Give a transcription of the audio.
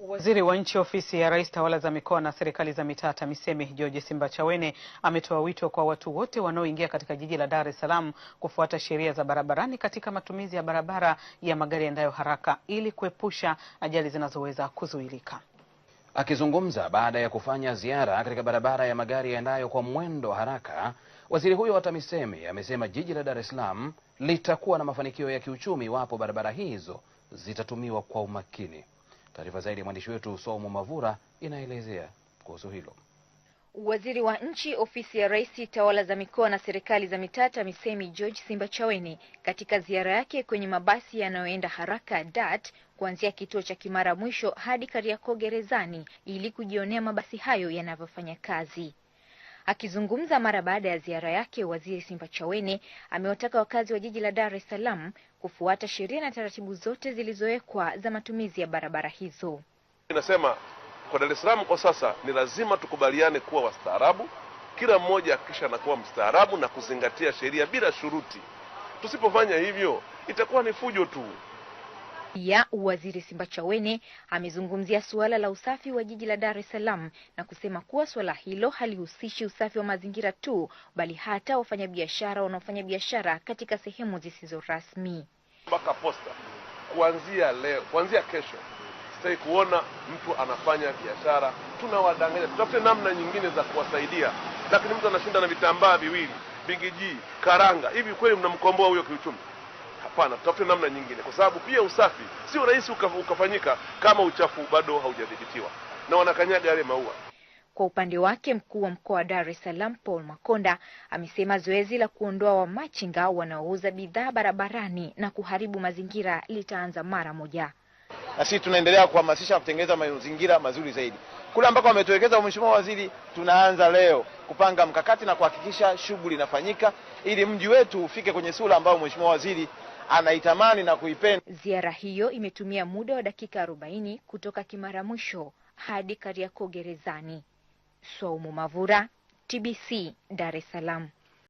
Waziri wa Nchi, Ofisi ya Rais, Tawala za Mikoa na Serikali za Mitaa, TAMISEMI, George Simbachawene ametoa wito kwa watu wote wanaoingia katika jiji la Dar es Salaam kufuata sheria za barabarani katika matumizi ya barabara ya magari yaendayo haraka ili kuepusha ajali zinazoweza kuzuilika. Akizungumza baada ya kufanya ziara katika barabara ya magari yaendayo kwa mwendo haraka, waziri huyo wa TAMISEMI amesema jiji la Dar es Salaam litakuwa na mafanikio ya kiuchumi iwapo barabara hizo zitatumiwa kwa umakini. Taarifa zaidi mwandishi wetu Somo Mavura inaelezea kuhusu hilo. Waziri wa Nchi, Ofisi ya Rais, Tawala za Mikoa na Serikali za Mitaa, TAMISEMI, George Simbachaweni, katika ziara yake kwenye mabasi yanayoenda haraka DART kuanzia kituo cha Kimara Mwisho hadi Kariakoo Gerezani ili kujionea mabasi hayo yanavyofanya kazi. Akizungumza mara baada ya ziara yake, Waziri Simbachawene amewataka wakazi wa jiji la Dar es Salaam kufuata sheria na taratibu zote zilizowekwa za matumizi ya barabara hizo. Inasema kwa Dar es Salaam kwa sasa ni lazima tukubaliane kuwa wastaarabu, kila mmoja akisha anakuwa mstaarabu na kuzingatia sheria bila shuruti. Tusipofanya hivyo itakuwa ni fujo tu. Pia Waziri Simbachawene amezungumzia suala la usafi wa jiji la Dar es Salaam na kusema kuwa suala hilo halihusishi usafi wa mazingira tu, bali hata wafanyabiashara wanaofanya biashara katika sehemu zisizo rasmi. Mpaka posta kuanzia leo, kuanzia kesho sitaki kuona mtu anafanya biashara tunawadanganya. Tutafute namna nyingine za kuwasaidia, lakini mtu anashinda na vitambaa viwili, bigijii karanga. Hivi kweli mnamkomboa huyo kiuchumi? Hapana, tutafute namna nyingine, kwa sababu pia usafi sio rahisi ukafanyika kama uchafu bado haujadhibitiwa na wanakanyaga yale maua. Kwa upande wake mkuu wa mkoa wa Dar es Salaam Paul Makonda amesema zoezi la kuondoa wamachinga wanaouza bidhaa barabarani na kuharibu mazingira litaanza mara moja, na sisi tunaendelea kuhamasisha kutengeneza mazingira mazuri zaidi kule ambako ametuwekeza Mheshimiwa Waziri, tunaanza leo kupanga mkakati na kuhakikisha shughuli inafanyika ili mji wetu ufike kwenye sura ambayo Mheshimiwa Waziri anaitamani na kuipenda. Ziara hiyo imetumia muda wa dakika 40 kutoka Kimara-Mwisho hadi Kariakoo Gerezani. Swaumu Mavura, TBC, Dar es Salaam.